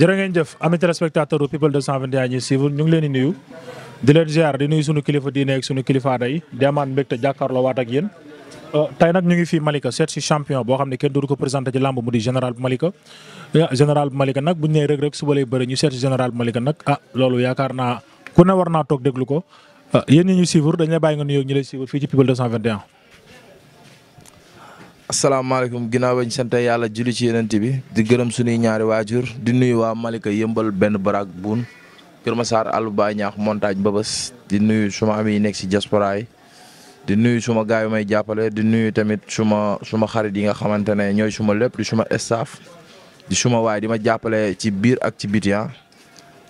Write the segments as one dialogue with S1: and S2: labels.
S1: jërë ngeen jëf ami téléspectateur people 221 ñuy suivre ñu ngi leen di nuyu di leen di nuyu suñu kilifa diine ak suñu kilifa aada yi di amaat mbégte jàkkaarloo waat euh, nag ñu ngi fii Malika seet si champion boo xam ne kenn dootu ko présenté ci làmb mu di général bu Malika euh, général bu Malika nag bu ñu nee rek suba lay bëri ñu seet si général bu Malika nag ah loolu yaakaar naa ku ne war naa toog déglu ko euh, yéen ñi ñu suivre dañ lay bàyyi nga nuyoo ñu lay
S2: asalaamaaleykum ginnaaw bañ sant yàlla julli ci yenent bi di gërëm suñuy ñaari waajur di nuyu waa Malika yëmbal benn baraag buun Kër Massar àllu ba ñaax montagne di nuyu suma am nekk si diaspora di nuyu suma gaay yi may jàppale di nuyu tamit suma suma xarit yi nga xamante ne ñooy suma lépp di suma staff di suma waay di ma jàppale ci biir ak ci biti ah.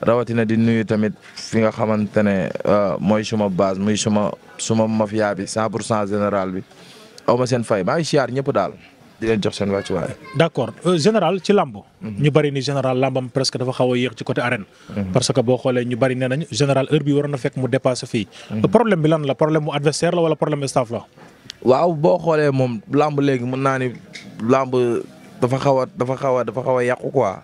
S2: rawatina di nuyu tamit fi nga xamante ne euh, mooy suma base muy suma suma mafia bi 100 pour cent général bi aw ma seen fay maa ngi siyaar ñëpp daal. di leen jox seen wàccuwaay.
S1: d' accord euh, général ci làmb ñu bari ni général làmbam presque dafa xaw a yéex ci côté arène. Mhm. parce que boo xoolee ñu bari nee nañ général heure bi waroon na fekk mu dépassé fii. Mhm. problème bi lan la problème mu adversaire la wala problème staff la. waaw boo xoolee moom làmb
S2: léegi mën naa ni làmb dafa xaw a dafa xaw a dafa xaw a yàqu quoi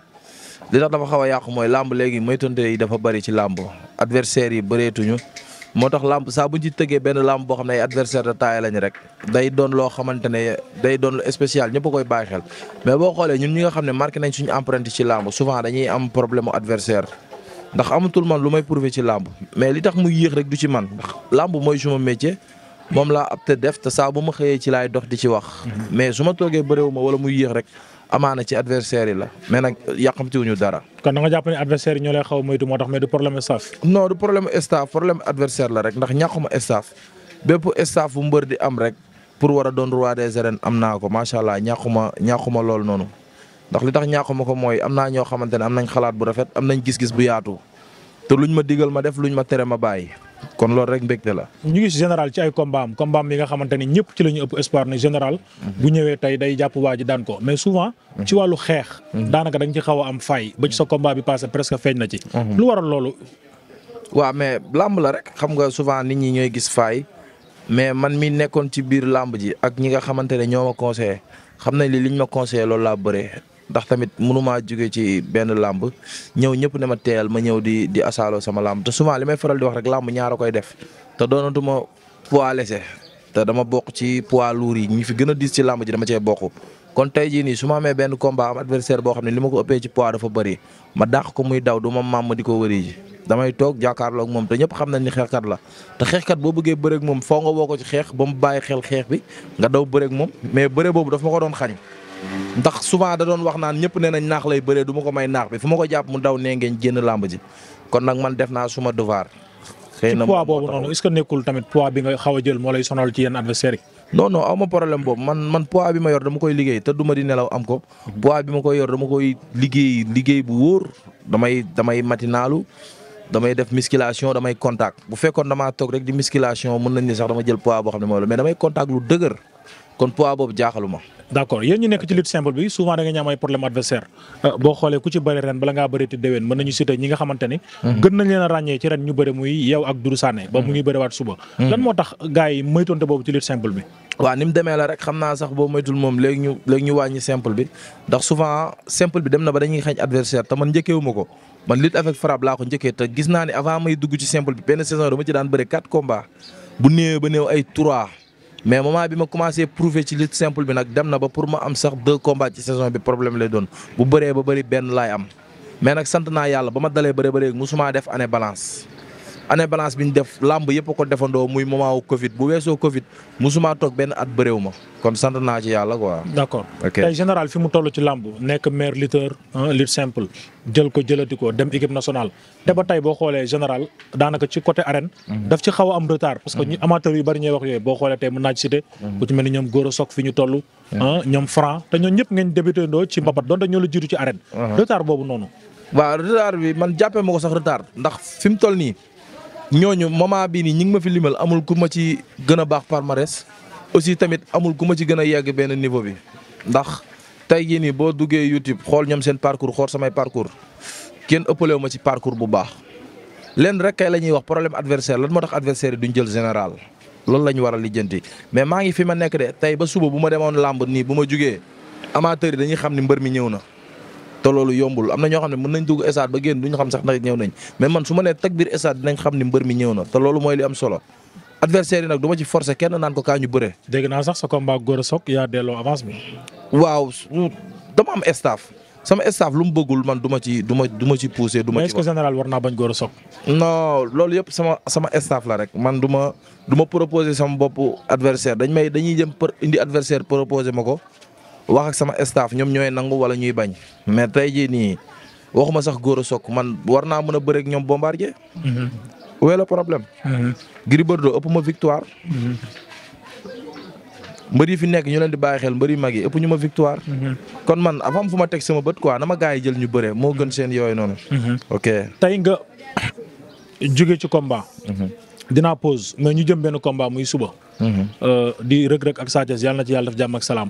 S2: li tax dafa xaw a yàqu mooy làmb léegi moytante yi dafa bari ci làmb adversaire yi bëreetuñu. moo tax làmb saa bu ñu ci tëggee benn làmb boo xam ne ay adversaire de taille lañ rek day doon loo xamante ne day doon lu spécial ñëpp koy bàyyi mais boo xoolee ñun ñi nga xam ne marqué nañ suñu empreinte ci làmb souvent dañuy am problème mu adversaire ndax amatul man lu may prouver ci làmb mais li tax mu yéex rek du ci man ndax làmb mooy suma métier moom laa ab te def te saa bu ma xëyee ci laay dox di ci wax mhm. mais su ma toogee bëréewu wala mu yéex rek amaana ci adversaire yi la mais nag yàqamtiwuñu dara.
S1: kon da nga jàpp ne adversaire yi ñoo lay xaw a moytu moo tax mais du problème staff. non du problème staff problème adversaire la
S2: rek ndax ñàkkuma staff bépp staff bu mbër di am rek pour war a doon roi des arènes am naa ko macha allah ñàkkuma ñàkkuma lool noonu. ndax li tax ñàkkuma ko mooy am naa ñoo xamante ne am nañ xalaat bu rafet am nañ gis-gis bu yaatu te luñ ma digal ma def luñ ma tere ma bàyyi. kon loolu rek mbégte la.
S1: ñu gis général ci ay combat am combat am yi nga xamante ni ñëpp ci la ñu ëpp espoir ne général. bu ñëwee tey day jàpp waa ji daan ko mais souvent. ci wàllu xeex. daanaka da ci xaw am faay ba sa combat bi passé presque feeñ na ci. lu waral loolu. waa mais làmb la rek xam nga
S2: souvent nit ñi ñooy gis faay mais man mi nekkoon ci biir làmb ji ak ñi nga xamante ne ñoo ma conseillé xam nañ li liñ ma conseillé loolu laa bëree ndax tamit mënumaa jóge ci benn làmb ñëw ñëpp ne ma teel ma ñëw di di asaaloo sama làmb te souvent li may faral di wax rek làmb ñaara koy def te doonatuma poids léger te dama bokk ci poids lourd yi ñi fi gën a diis ci làmb ji dama cee bokk kon tey jii nii suma ma amee benn combat am adversaire boo xam ne li ma ko ëppee ci poids dafa bëri ma dàq ko muy daw du ma maam ma di ko wëri ji damay toog jàkkaarloo moom te ñëpp xam nañ ni xeexkat la te xeexkat boo bëggee bëre moom foo nga woo ko ci xeex ba mu bàyyi xel xeex bi nga daw bëre ak mais bëre boobu daf ko doon xañ ndax souvent da doon wax naan ñëpp nee nañ naax lay bëree du ma ko may naax bi fu ma ko jàpp mu daw nee ngeen génn làmb ji kon nag man def naa suma devoir. xëy na poids boobu
S1: noonu est-ce nekkul tamit poids bi nga xaw jël moo lay sonal ci yenn adversaire yi. non non aw ma problème boobu man man poids
S2: bi ma yor dama koy liggéey te du ma di nelaw am ko. poids bi ma koy yor dama koy liggéey liggéey bu wóor damay damay matinaalu damay def musculation damay contact bu fekkoon damaa toog rek di musculation mën nañ ne sax dama jël poids boo xam ne mooy la mais damay contact lu dëgër. kon poids boobu jaaxalu
S1: ma. d' accord yéen ñu nekk ci lutte simple bi souvent da nga ñu am ay problème adversaire euh, boo xoolee ku ci bëri ren bala ngaa bëreeti déwén mën nañu citer ñi nga xamante mhm. gën nañ leen a ràññee ci ren ñu bëri muy yow ak Doudou Sané. ba mu ngi bëriwaat suba. Mhm. lan moo tax gars yi moytonte bi. waaw ni mu demee la rek xam naa sax boo moytul
S2: moom léegi ñu léegi ñu wàññi simple bi ndax souvent simple bi dem na ba dañuy xañ adversaire te man njëkkeewuma ko man lutte avec frappe laa ko gis naa ne avant may dugg ci simple bi benn saison dama ci daan bëri quatre combats bu néewee ba ay trois mais moment bi ma commencé prouver ci lutte simple bi nag dem na ba pour ma am sax deux combats ci saison bi problème lay doon bu bëree ba bëri benn laay am mais nag sant naa yàlla ba ma dalee bëree bëri musuma def année balance. année balance bi ñu def làmb yëpp ko defandoo muy moment wu Covid bu weesoo Covid musuma toog benn at bëréew ma kon sant naa ci yàlla
S1: quoi. d' accord tey général fi mu toll ci làmb nekk maire lutteur lutte simple jël ko jëlati ko dem équipe nationale te ba tey boo xoolee général daanaka ci côté arène. Mhm. daf ci xaw a am retard. parce que ñu mhm. amateurs yu bari ñuy wax yooyu boo xoolee tey mën naa ci cité. Mhm. ku ci mel ni ñoom Goro Sock fi ñu toll. ñoom Franc te ñëpp ngeen débuté ndoo ci mbapat donte ñoo la jiitu ci arène. Uh-huh. retard boobu noonu.
S2: waaw retard ndax fi mu toll nii. ñooñu moment bii nii ñi ngi ma fi limal amul ku ma ci gën a baax palmarès aussi tamit amul ku ma ci gën a yegg benn niveau bi ndax tey jii nii boo duggee YouTube xool ñoom seen parcours xool samay parcours kenn ëppalewu ma ci parcours bu baax. lenn rek kay la ñuy wax problème adversaire lan moo tax adversaire yi duñ jël général loolu la ñu war lijjanti mais maa ngi fi ma nekk de tey ba suba bu ma demoon làmb nii bu ma jugee amateur yi dañuy xam ni mbër mi ñëw na. te loolu yombul am na ñoo xam ne mën nañ dugg stade ba génn duñu xam sax ndax ñëw nañ mais man su ma nee tag biir stade dinañ xam ni mbër mi ñëw na te loolu mooy li am solo adversaire yi nag du ci forcer kenn naan ko kaa ñu bëre. dégg naa dama am staff sama staff lu mu bëggul man du ci du ma du ma ci poussé. du ma ci
S1: mais général war naa bañ góor a soog.
S2: loolu yëpp sama sama staff la rek man du ma du ma proposé sama bopp adversaire dañ may dañuy jëm indi adversaire proposé ma ko. wax ak sama staff ñoom ñooy nangu wala ñuy bañ mais tey jii nii waxuma sax góor a sokk man war naa mën a bëreek ñoom bombardier. Mm-hmm. où est problème. Mm-hmm. Gris Bordeaux ëpp ma victoire. Mm-hmm. mbër yi fi nekk ñu leen di bàyyi xel mbër yu mag ëpp ñu ma victoire. kon man avant fu ma teg sama bët quoi na ma gaa yi jël ñu bëree moo gën seen yooyu
S1: noonu. tey nga jóge ci combat. dinaa pause mais ñu jëm benn combat muy suba. Euh, di Reug Reug ak Sa Thiès yàlla na ci yàlla def jàmm ak salaam.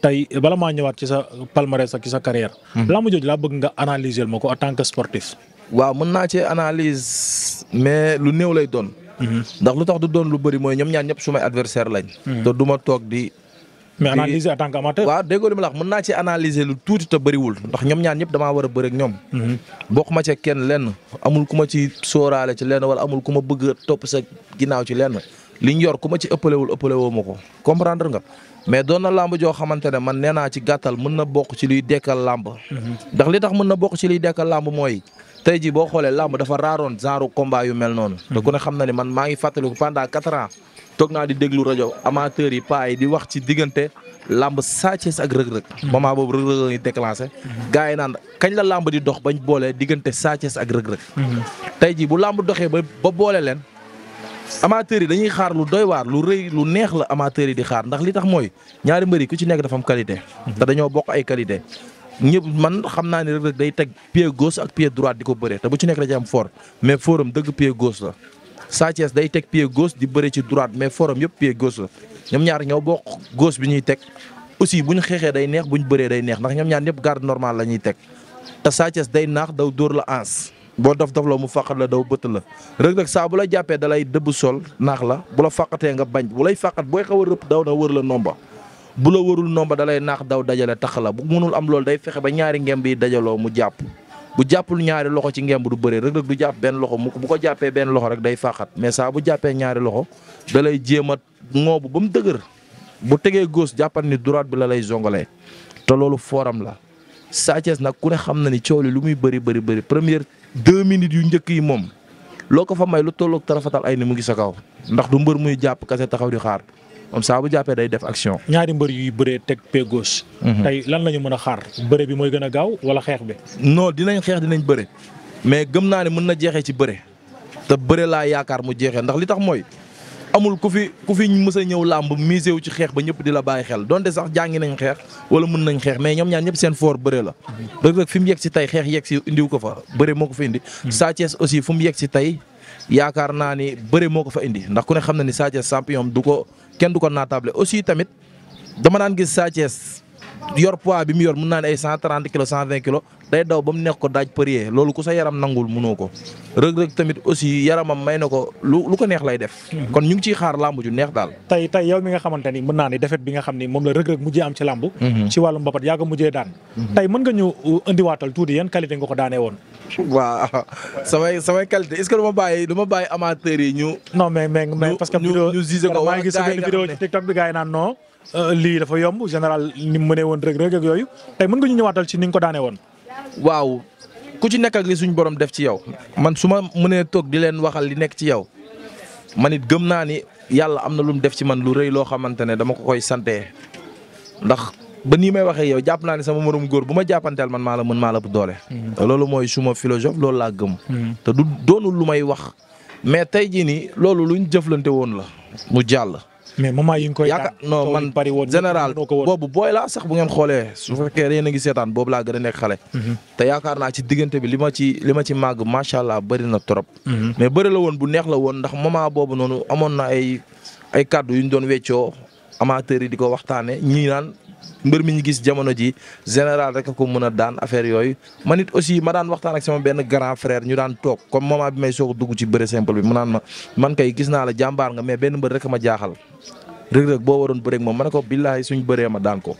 S1: tey bala ma ñëwaat ci sa palmarès ak ci sa carrière. laa mu jooju laa bëgg nga analyser ma ko en tant que sportif. waaw mën naa cee analyse mais lu néew lay doon. Mhm.
S2: ndax lu tax du doon lu bëri mooy ñoom ñaar ñëpp sumay adversaire lañ. Mhm. te du ma toog di. mais analyser en tant qu'amateur. waaw déggoo li ma la mën naa ci analyser lu tuuti te bëriwul ndax ñoom ñaar ñëpp damaa war a bëri ak ñoom. Mhm. bokk ma ca kenn lenn amul ku ma ci sóoraale ci leen wala amul ku ma bëgg topp sa ginnaaw ci lenn. liñ yor ku ma ci ëppalewul ëppalewoo ma ko comprendre nga mais doon na làmb joo xamante ne man nee naa ci gàttal mën na bokk ci luy dekkal làmb mhm. ndax li tax mën na bokk ci luy dekkal làmb mooy tey jii boo xoolee làmb dafa raaroon genre combat yu mel noonu te ku ne xam na ni man maa ngi fàttaliku pendant quatre ans toog naa di déglu rajo amateurs yi paa yi di wax ci diggante làmb Sa Thiès ak rëg-rëg mhm. moment boobu rëg-rëg la ñuy déclenché mhm. gars yi naan kañ la làmb di dox bañ boolee diggante Sa Thiès ak rëg ba amateurs yi dañuy xaar lu doy waar lu rëy lu neex la amateurs yi di xaar ndax li tax mooy ñaari mbëri ku ci nekk dafa am qualité. dañoo bokk ay qualité. ñëpp man xam naa ne Reug Reug day teg pied gos ak pied droite di ko bëree te bu ci nekk da ci am fort mais forum dëgg pied gauche la. Sa Thiès day teg pied gauche di bëri ci droite mais forum yëpp pied gauche la ñoom ñaar ñoo bokk gos bi ñuy teg. aussi bu ñu xeexee day neex bu ñu bëree day neex ndax ñoom ñaar ñëpp garde normal la ñuy teg te Sa day naax daw dóor la ans boo dof dof la mu fàqat la daw bëtt la Reug Reug saa bu la jàppee dalay lay dëbb sol naax la bu la faqatee nga bañ bu lay faqat booy xaw a rëpp daw na wër la nomba bu la wërul nomba dalay lay naax daw dajale tax la bu mënul am loolu day fexe ba ñaari ngemb yi dajaloo mu jàpp bu jàppul ñaari loxo ci ngemb du bëree Reug Reug du jàpp benn loxo mu bu ko jàppee benn loxo rek day faqat mais saa bu jàppee ñaari loxo dalay lay jéem a ŋoobu ba mu dëgër bu tegee góos jàppat ni droite bi la lay zongalee te loolu fooram la Sa nag ku xam na ni coow li lu bëri bëri bëri deux minutes yu njëkk yi moom loo ko fa may lu tolloog tarafatal ay ni mu ngi sa kaw ndax du mbër muy jàpp kase taxaw di xaar moom saa jàppee day def action.
S1: ñaari mbër yuy bëree teg pegos. Mhm. tey lan la ñu mën a xaar bëre bi mooy gën a gaaw wala xeex bi. non dinañ
S2: xeex dinañ bëre mais gëm naa ne mën na jeexee ci bëre te bëre laa yaakaar mu jeexee ndax li tax mooy amul ku fi ku fi mës a ñëw làmb misé wu ci xeex ba ñëpp di la bàyyi xel donte sax jàngi nañ xeex wala mën nañ xeex mais ñoom ñaar ñëpp seen foor bëre la Reug Reug fi mu yegg si tey xeex yegg si indiw ko fa bëre moo ko fa indi hmm. Sa Thiès aussi fu mu yegg si tey yaakaar naa ni bëre moo ko fa indi ndax ku ne xam na ni Sa Thiès champion du ko kenn du ko naatable aussi tamit dama daan gis Sa yor poids bi mu yor mun naa ne ay cent trente kilos cent vingt kilos day daw ba mu ko daaj përier loolu ku sa yaram nangul munoo ko rëg tamit aussi yaramam may na ko lu lu ko neex
S1: hmm. kon ñu ngi ciy ci làmb hmm. ci wàllu yaa ko mujjee daan hmm. tey mën nga ñu uh, indiwaatal tuuti yan qualité nga ko daanee woon waaw samay samay qualité est-ce que du ma bàyyi du ma bàyyi amateurs yi ñu non mais mais mais parce que vidéo maa ngi gis bi gars naan non Euh, lii dafa yomb général ni mu mënee woon rëg rek ak yooyu tey mën nga ñu ñëwaatal ci ni nga ko daane woon. waaw ku
S2: ci nekk ak li suñu borom def ci yow man su ma mënee toog di leen waxal li nekk ci yow man it gëm naa ni yàlla am na lu mu def ci man lu rëy loo xamante ne dama ko koy sante ndax ba nii may waxee yow jàpp naa ne sama moroom góor bu ma jàppanteel man maa la mën maa la bu doole. Mhm. loolu mooy suma philosophe loolu laa gëm. Mhm. te du doonul lu may wax mais tey jii nii loolu luñ jëflante woon la mu jàll. mais moment yi nga koy yaakaar non man général boobu booy laa sax bu ngeen xoolee su fekkee yéen a ngi seetaan boobu laa gën a nekk xale mhm. te yaakaar naa ci diggante bi li ma ci li ma ci màgg macha allah bëri trop mhm. mais bëri la woon bu neex la woon ndax moment boobu noonu amoon na ay ay yu ñu doon weccoo amateurs yi di ko waxtaane ñii naan mbër mi ñu gis jamono ji général rek ko mën a daan affaire yooyu man it aussi ma daan waxtaan ak sama benn grand frère ñu daan toog comme moment bi may soog dugg ci bëre simple bi mu naan ma man kay gis naa la jàmbaar nga mais benn mbër rek ma jaaxal rëg-rëg boo waroon bëreeg moom ma ne ko billaahi suñ bëree ma daan ko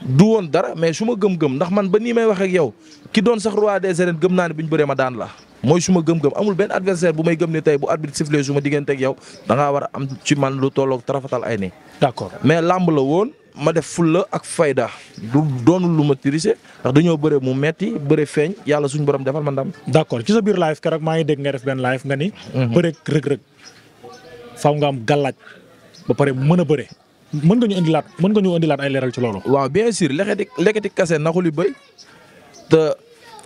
S2: du woon dara mais su ma gëm-gëm ndax man ba nii may wax ak yow ki doon sax roi des arènes gëm naa ne bu ñu bëree ma daan la mooy su ma gëm-gëm amul benn adversaire bu may gëm ne tey bu arbitre sifflé su ma diggante ak yow da war am ci man lu tolloog tarafatal ay nii. d'accord mais làmb la woon ma def fulla ak fayda du doonul lu ma tirise ndax dañoo bëre mu metti bëre feeñ yàlla suñu borom defal
S1: ma ndam. d'accord ci sa biir live keroog maa ngi dégg nga def benn live nga ni. Mhm. bëre rëg-rëg faaw nga am gàllaaj ba pare mën a bëre. mën nga ñu indilaat mën nga ñu indilaat ay leeral ci
S2: loolu. waaw bien sûr lexeti lexeti kase naxuli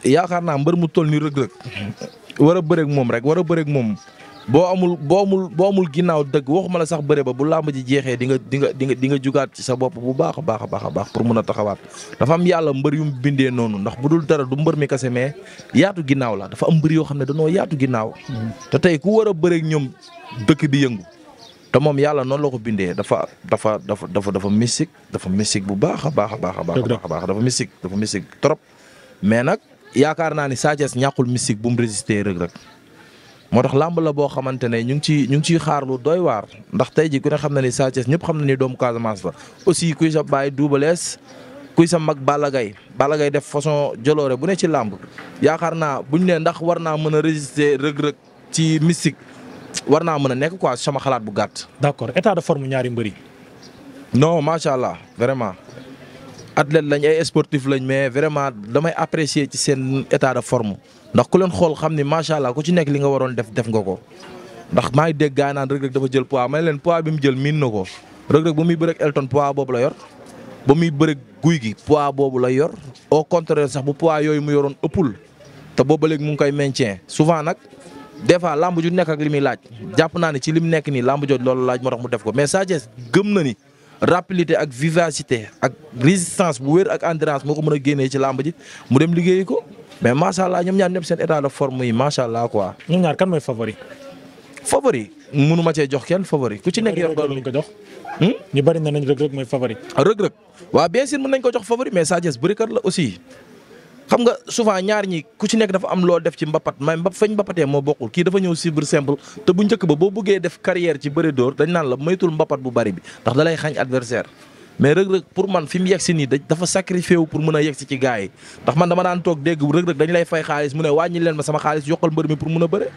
S2: yaakaar naa mbër mu toll ni rëg-rëg war a bëreeg moom rek war a bëreeg moom boo amul boo amul boo amul ginnaaw dëgg waxuma la sax bëre ba bu làmb ji jeexee di nga di nga di nga di nga jugaat ci sa bopp bu baax baax a baax a baax pour mun a taxawaat dafa am yàlla mbër yu bindee noonu ndax bu dul dara du mbër mi kase mais yaatu ginnaaw la dafa am mbër yoo xam ne danoo yaatu ginnaaw. te tey ku war a bëreeg ñoom dëkk di yëngu. te moom yàlla noonu la ko bindee dafa dafa dafa dafa dafa mystique dafa mystique bu baax a baax a baax a baax a baax dafa mystique dafa mystique trop mais yaakaar naa ni Sa Thiès ñàkkul mystique bu mu résister rek rek moo tax làmb la boo xamante ne ñu ngi ciy ñu ngi ciy xaar lu doy waar ndax tey ji ku ne xam na ni Sa Thiès ñëpp xam na ni doomu Casamance la. aussi kuy sa baay Double Less kuy sa mag Balla Gaye Balla Gaye def façon joloore bu ne ci làmb yaakaar naa buñ ne ndax war naa mën a résister rëg rëg ci mystique war naa mën a nekk quoi sama xalaat bu gàtt. d'accord état de forme ñaari mbër non macha allah vraiment. athlète lañ ay sportif lañ mais vraiment damay apprécier ci seen état de forme ndax ku leen xool xam ni macha allah ku ci nekk li nga waroon def def nga ko. ndax maa ngi dégg gaa naan Reug dafa jël poids ma leen poids bi mu jël miin na ko Reug Reug ba muy bëreeg Elton poids boobu la yor ba muy bëreeg guy gi poids boobu la yor o contraire sax bu poids yooyu mu yoroon ëppul te boobu ba léegi mu ngi koy maintien souvent nag. des fois lamb ju nekk ak li muy laaj jàpp naa ne ci li mu nekk nii lamb jooju loolu laaj moo mu def ko mais Sa gëm na ni rapidité ak vivacité ak résistance bu wér ak endurance moo ko mën a génnee ci làmb ji mu dem liggéey ko mais macha allah ñoom ñaar ñëpp seen état de forme yi macha allah quoi. ñoom ñaar kan mooy favori. favori mënu ma jox kenn favori ku ci nekk yor nga ko jox. Hmm? ñu bari na nañ rëg rëg mooy favori. rëg rëg waaw bien sûr nañ ko jox favori mais Sa Thiès bërikat la aussi. xam nga souvent ñaar ñi ku ci nekk dafa am loo def ci mbapat may mba fañ mbapatee moo bokkul kii dafa ñëw cibre simple te bu njëkk ba boo bëggee def carrière ci bëri dóor dañ naan la moytul mbapat bari bi ndax dalay xañ adversaire mais rëg pour man fi mu yegg si nii dafa sacrifié wu pour mën a si ci gars yi ndax man dama daan toog dégg rëg-rëg dañ lay fay xaalis mu ne wàññi leen ma sama xaalis yokkal mbër mi pour mën a bëre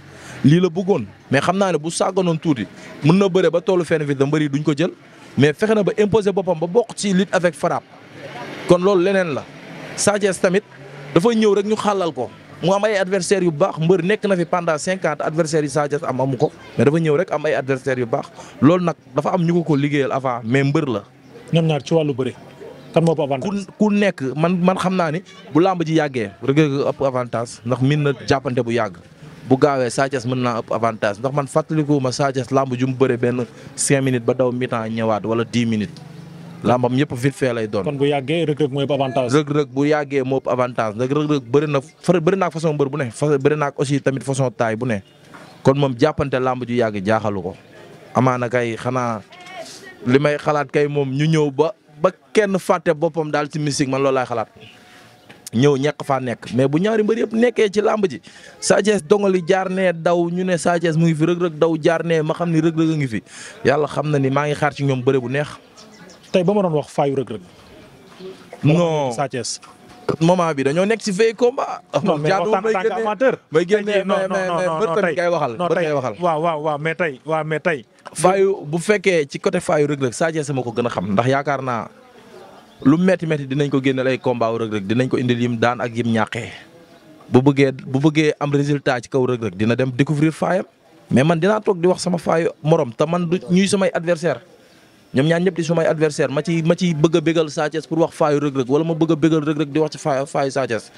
S2: lii la buggoon mais xam naa ne bu sàgganoon tuuti mën na bëre ba toolu fenn fi da mbëri duñ ko jël mais fexe na ba imposer boppam ba bokk ci lutte avec frappe kon loolu leneen la Sa tamit dafa ñëw rek ñu xàllal ko mu am ay adversaires yu baax mbër nekk na fi pendant cinquante adversaires yi Sa Thiès am amu ko mais dafa ñëw rek am ay adversaires yu baax lool nag dafa am ñu ko ko liggéeyal avant mais mbër la. ñoom ñaar ci wàllu bëri. kan moo avantage ku nekk man man xam naa ni bu làmb ji yàggee Reug Reug ëpp avantage ndax min na jàppante bu yàgg. bu gaawee Sa mën naa ëpp avantage ndax man fàttaliku ma Sa Thiès làmb ju mu bëre benn cinq minutes ba daw mi ñëwaat wala dix minutes. lambam yëpp vite fait lay doon.
S1: kon bu yàggee Reug Reug mooy avantage.
S2: Reug bu yàggee moo avantage nag Reug Reug bëri na fa bëri naag façon mbër bu ne fa bëri naag aussi tamit façon taay bu ne kon moom jàppante lamb ju yàgg jaaxalu ko amaana kay xanaa li may xalaat kay moom ñu ñëw ba ba kenn fàtte boppam daal ci musique ma loolu laay xalaat. ñëw ñàkk faa nekk mais bu ñaari mbër yëpp nekkee ci làmb ji Sa Thiès dongali jaar nee daw ñu ne Sa mu ngi fi Reug Reug daw jaar ne ma xam ni Reug Reug a ngi fi yàlla xam na ni maa ngi xaar ci ñoom bëre bu neex.
S1: tey ba ma doon wax faayu Reug Reug.
S2: non Sa Thiès. moment bi dañoo nekk si veille combat. non mais waxtaan ak tànk amateur. may génnee non non non tey kay waxal bët kay waxal.
S1: waaw tey
S2: faayu bu fekkee ci côté faayu Reug Reug Sa ma ko gën a xam ndax yaakaar naa lu metti metti dinañ ko génneel lay combat wu Reug dinañ ko indil yim daan ak yim ñàqee. bu bëggee bu bëggee am résultat ci kaw Reug Reug dina dem découvrir faayam mais man dinaa toog di wax sama faayu moroom te man du ñuy samay adversaire ñoom ñaar ñëpp ma ci ma a bégal Sa Thiès pour wax faayu rëg-rëg a bégal rëg-rëg di wax ci faayu faayu Sa Thiès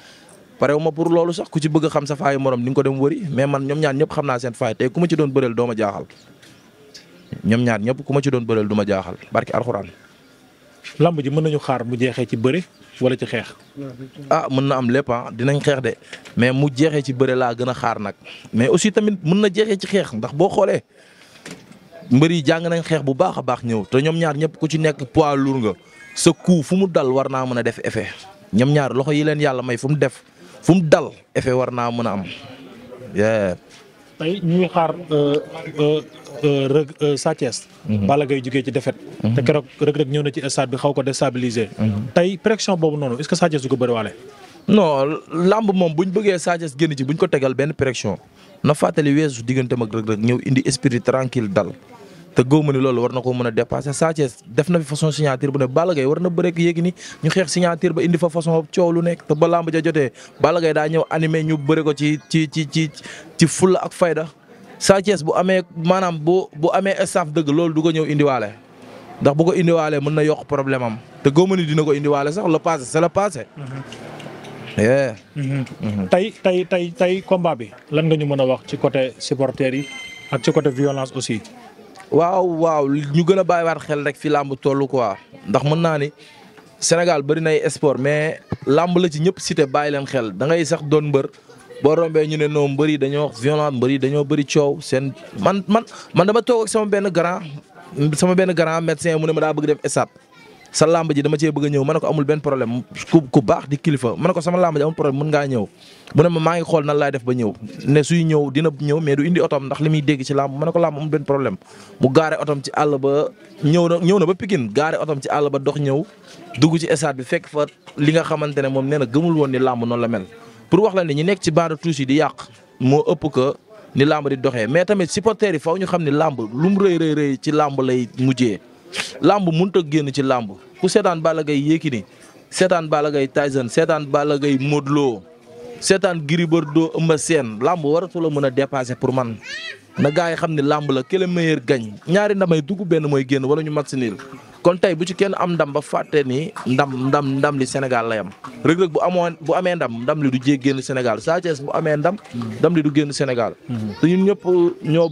S2: parew ma pour ku ci bëgg xam sa faayu morom di nga ko dem wëri mais man ñoom ñaar ñëpp xam naa seen faay tey ku ma ci doon bëreel doo jaaxal ñoom ñaar ñëpp ku ma ci doon bërël du ma jaaxal barki alxuraan lamb ji mën nañu xaar mu jeexee ci bëre wala ci xeex. ah mën na am lépp ah, dinañ xeex de mais mu jeexee ci bëre laa gën a xaar nag mais aussi tamit mën na jeexee ci xeex ndax boo xoolee mbër yi jàng nañ xeex bu baax a baax ñëw te ñoom ñaar ñëpp ku ci nekk pois lourd nga sa coup fu mu dal war naa mën a def effet ñoom ñaar loxo yi leen yàlla may fu mu def fu mu dal effet war naa
S1: mën a am. tey ñuy xaar euh, euh, euh, rëg Sa Thiès. Mhm. Balla Gaye jógee ci defet mhm. te keroog rëg rëg ñëw na ci stade bi xaw ko déstabiliser. Mhm. tey pression boobu noonu est-ce que Sa Thiès du ko bëriwaale. non lamb moom bu ñu bëggee Sa génn
S2: ci bu ñu ko tegal benn pression na fàttali weesu digganteem ak rëg rëg ñëw indi esprit tranquille dal. te góob ma ni loolu war na ko mën a dépasser Sa Thiès def na fi façon signature bu ne Balla war na bëreeg yéegi ni ñu xeex signature ba indi fa façon coow lu nekk te ba làmb jotee Balla Gaye daa ñëw animé ñu bëre ko ci ci ci ci ci fulla ak fayda Sa Thiès bu amee maanaam bu bu amee staff dëgg loolu du ko ñëw indiwaale ndax bu ko indiwaale mën na yokk problème am te góob ma ni dina ko
S1: indiwaale sax le passé c'est le passé. Mm-hmm. Mm-hmm. Mm-hmm. tey tey tey tey combat bi lan nga ñu mën a wax ci côté supporters yi ak ci côté aussi.
S2: waaw waaw ñu gën a bàyyiwaat xel rek fi làmb toll quoi ndax mën naa ni Sénégal bëri nay sport mais lamb la ci ñëpp cité bàyyi leen xel da ngay sax doon mbër boo rombee ñu ne noo mbër yi dañoo violent mbër yi dañoo bëri coow seen man man man dama toog sama benn grand sama benn grand médecin mu ne ma daa bëgg def esat sa làmb ji dama cee bëgg ñëw ma ko amul benn problème ku ku baax di kilifa ma ne ko sama làmb ji amul problème mën ngaa ñëw mu ne maa ngi xool nan laay def ba ñëw ne suy ñëw dina ñëw mais du indi otom ndax li muy dégg ci làmb ma ko làmb amul benn problème mu gaare àll ba ñëw na ñëw na ba Pikine gaare otom ci àll ba dox ñëw dugg ci stade bi fekk fa li nga xamante ne moom nee na gëmul woon ni làmb noon la mel pour wax la ni ñu nekk ci baara tuus yi di yàq moo ëpp que ni làmb di doxee mais tamit supporters yi faw ñu xam ne làmb lu mu rëy rëy rëy ci làmb lay mujjee làmb mënut a génn ci làmb ku seetaan Balla Gaye Yékini seetaan bala gay Tyson seetaan Balla Gaye Modou Lo seetaan Gris Bordeaux Eumeu Sène làmb waratu la mën a dépasser pour man na gaa yi xam ne làmb la que le meilleur ñaari ndamay dugg benn mooy génn wala ñu mat si niil kon tey bu ci kenn am ndam ba fàtte ni ndam ndam ndam li Sénégal lay am Reug bu amoon bu amee ndam ndam li du jé génn Sénégal Sa bu amee ndam ndam li du génn senegal mhm. te ñun ñëpp ñoo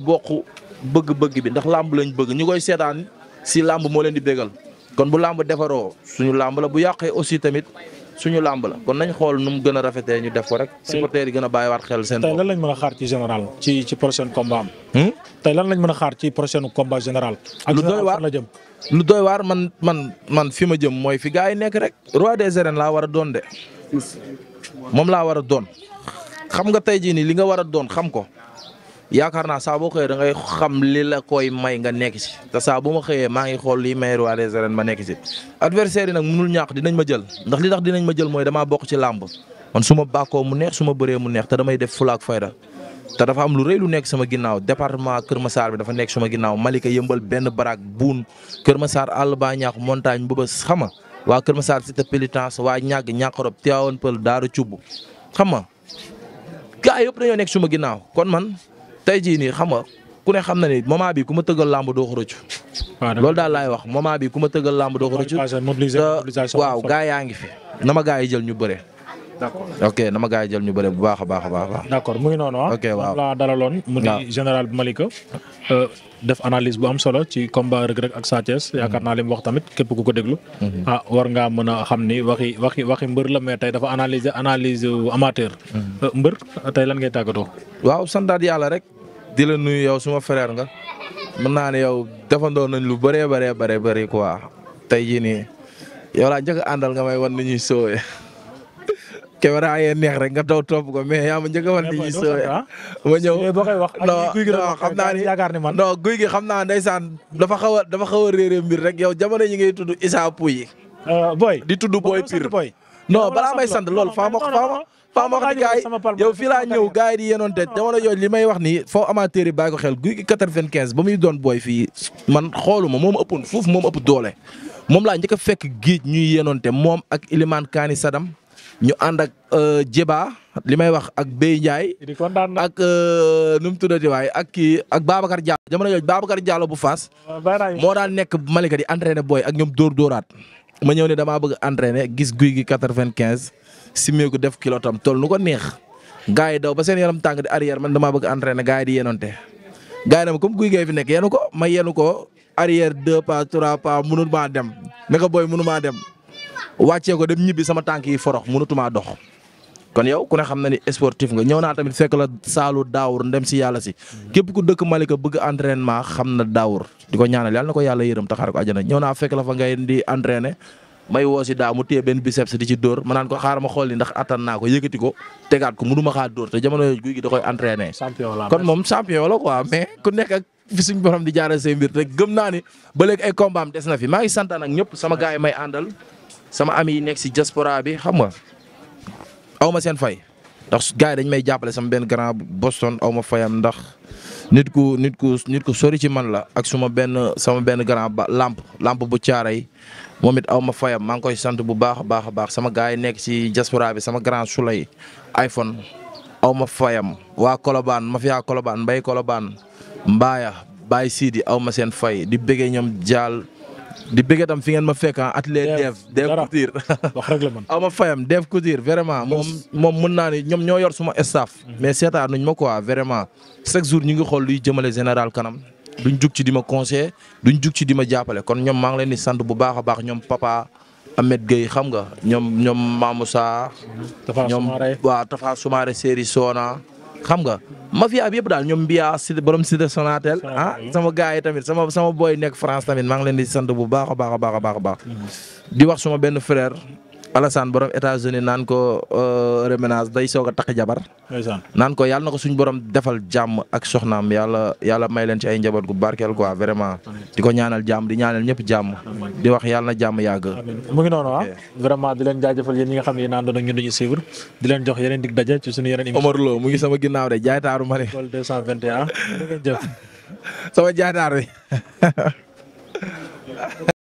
S2: bokk bëgg bi ndax làmb lañ bëgg si làmb moo leen di bégal kon bu làmb defaroo suñu làmb la bu yàqee aussi tamit suñu làmb la kon nañ xool nu mu gën a rafetee ñu def ko rek. supporters yi gën a bàyyiwaat
S1: xel seen. tey lan mën a xaar ci général ci ci prochain combat am. Hmm? tey lan lañ mën a xaar ci prochain combat général. ak lu doy waar lu doy waar man man man fi ma jëm mooy fi gars yi nekk
S2: rek. roi des arènes laa war a doon de moom laa war a doon xam nga tey jii nii li nga war a doon xam ko yaakaar naa saa boo xëyee da ngay xam li la koy may nga nekk ci te saa bu ma xëyee maa ngi xool lii may roi des arènes ma nekk ci. adversaire yi nag mënul ñàkk dinañ ma jël ndax li tax dinañ ma jël mooy dama bokk ci làmb man su ma bàkkoo mu neex su ma bëree mu neex te damay def fulaak fayda te dafa am lu rëy lu nekk sama ginnaaw département Kër Massar bi dafa nekk sama ginnaaw Malika yëmbal benn baraak buun Kër ma saar àll ba ñaax montagne bu ba waa Kër Massar cité Pélitance waa ñàgg ñàkkorob Tivaouane Pël Daaru Cubb xam nga gaa yëpp dañoo nekk sama ginnaaw tey jii nii xam nga ku ne xam na ni moment bi ku ma tëggal làmb doo ko loolu daal laay wax moment bi ku ma tëggal làmb doo ko waaw gaa yaa ngi fi. na ma gaa yi jël ñu bëre. d'accord ok na ma gars yi jël ñu bëre bu baax a baax a baax.
S1: d'accord mu ngi noonu ah. ok waaw laa dalaloon. mu di général Malika. Euh, def analyse bu am solo ci combat Reug Reug ak Sa Thiès mhm. yaakaar naa li mu wax tamit képp ku ko déglu. Mhm. ah war ngaa mën a xam ni waxi mbër la mais tey dafa analyser analyse amateur. Mhm. Euh, mbër tey lan ngay tàggatoo. waaw santaat yàlla rek. di la nuyu yow suma frère nga. mën naa ne
S2: yow defandoo lu bëree bëree bëri bëri quoi tey jii nii yow a njëkk àndal nga may wan ni ñuy soowee. caméra yee neex rek nga daw topp ko mais yaa ma njëkk a wan. lii soo ah? ma ñëw eh, boo wax guy gi xam naa ni yaakaar ni naa ndeysaan dafa xaw a dafa xaw a réeré mbir rek yow jamono yi ngay tudd Issa Pouye. Euh, boy di tudd Boy Pire non balaa may sant lool faama faama. faama wax ni gars fii laa ñëw gars yi di yenoonte jamono yooyu may wax ni foo amateur yi bàyyi ko xel guy gi quatre-vingt-quinze ba muy doon booy fii man xooluma moom ëppoon foofu moom ëpp doole moom laa njëkk a fekk géej ñuy yenoonte moom ak Iliman Kani Sadam ñu ànd ak euh, Jéba li may wax ak Bey Ndiaye. ak euh, nu mu tuddati waay ak kii ak Babacar Diallo jamono yooyu Babacar jaalo bu Faas. moo daan nekk Malika di entraîné booy ak ñoom dóor dóoraat. ma ñëw ne damaa bëgg entraîné gis guy gi quatre-vingt-quinze simeeku def kilo tam toll nu ko neex. gaa yi daw ba seen yaram tàng di arrière man damaa bëgg entraîné gaa yi di yéenonte. gaa yi nag comme guy gee fi nekk yéenu ko ma yéenu ko arrière deux pas trois pa mënu maa dem ne ko booy mënu dem. wàccee ko dem ñibbi sama tànk yi forox mënatumaa dox. kon yow ku xam na ni sportif nga ñëw naa tamit fekk la saalu daawur ndem si yàlla si képp ku dëkk Malika bëgg entraînement xam na daawur di ko ñaanal yàlla na ko yàlla ko àjjana ñëw naa fekk fa ngay di entraîner may woo si mu téye benn di ci dóor ma naan ko xaaral ma xool ni ndax attan ko yëkkati ko tegaat ko mënuma xaar dóor te jamono yooyu guy gi da koy entraîner. champion la kon moom champion la quoi mais ku nekk ak fi suñ borom di jaarale seen mbir te na fi maa ngi santaan ak ñëpp sama sama ami yi nekk si jaspora bi xam nga aw ma seen fay ndax gars dañ may jàppale sama benn grand Boston aw ma fayam ndax nit ku nit ku nit ku sori ci man la ak suma benn sama benn grand ba lamp bu caaray moom it aw ma fayam maa ngi koy sant bu baax a baax a baax sama gars yi nekk si jaspora bi sama grand Souley iPhone aw ma fayam waa Colobane mafia Colobane mbay Colobane mbaaya Baye Sidi aw ma seen fay di bëggee ñoom jaal di bëgg tam fi ngeen ma fekk ah atelier Dev Dev Couture wax rek fayam Dev Couture vraiment moom moom mën naa ni ñoom ñoo yor suma staff mhm. mais seetaan nuñ ma quoi vraiment chaque jour ñu ngi xool luy jëmale général kanam duñ jug ci di ma conseiller duñ jug ci di ma jàppale kon ñom maa ngi leen di sant bu baax baax ñoom papa Ahmed Gueye xam nga ñoom ñoom Mamoussa ñoom waa Tafa Soumaré Seri Sona xam nga mafia bi yëpp daal ñoom Mbia si borom cité Sonatel ah sama gars yi tamit sama sama nekk France tamit maa leen di sant bu baax a baax a baax mm-hmm. di wax suma benn frère Alassane borom États-Unis naan ko euh, reménage day soog a takk jabar. naan ko yàlla na ko suñu borom defal jàmm ak soxnaam yàlla yàlla may leen ci ay njaboot gu barkeel quoi vraiment. di ko ñaanal jàmm di ñaanal ñëpp jàmm. di wax yàlla na jàmm yàgg. mu ngi noonu ah
S1: vraiment di leen jaajëfal yéen ñi nga xam ne yéen àndoon ak ñun dañuy suivre di leen jox yeneen dig daje ci suñu yeneen. émission Omar Lo mu ngi sama ginnaaw de jaay taaru ma ah. sama jaay taar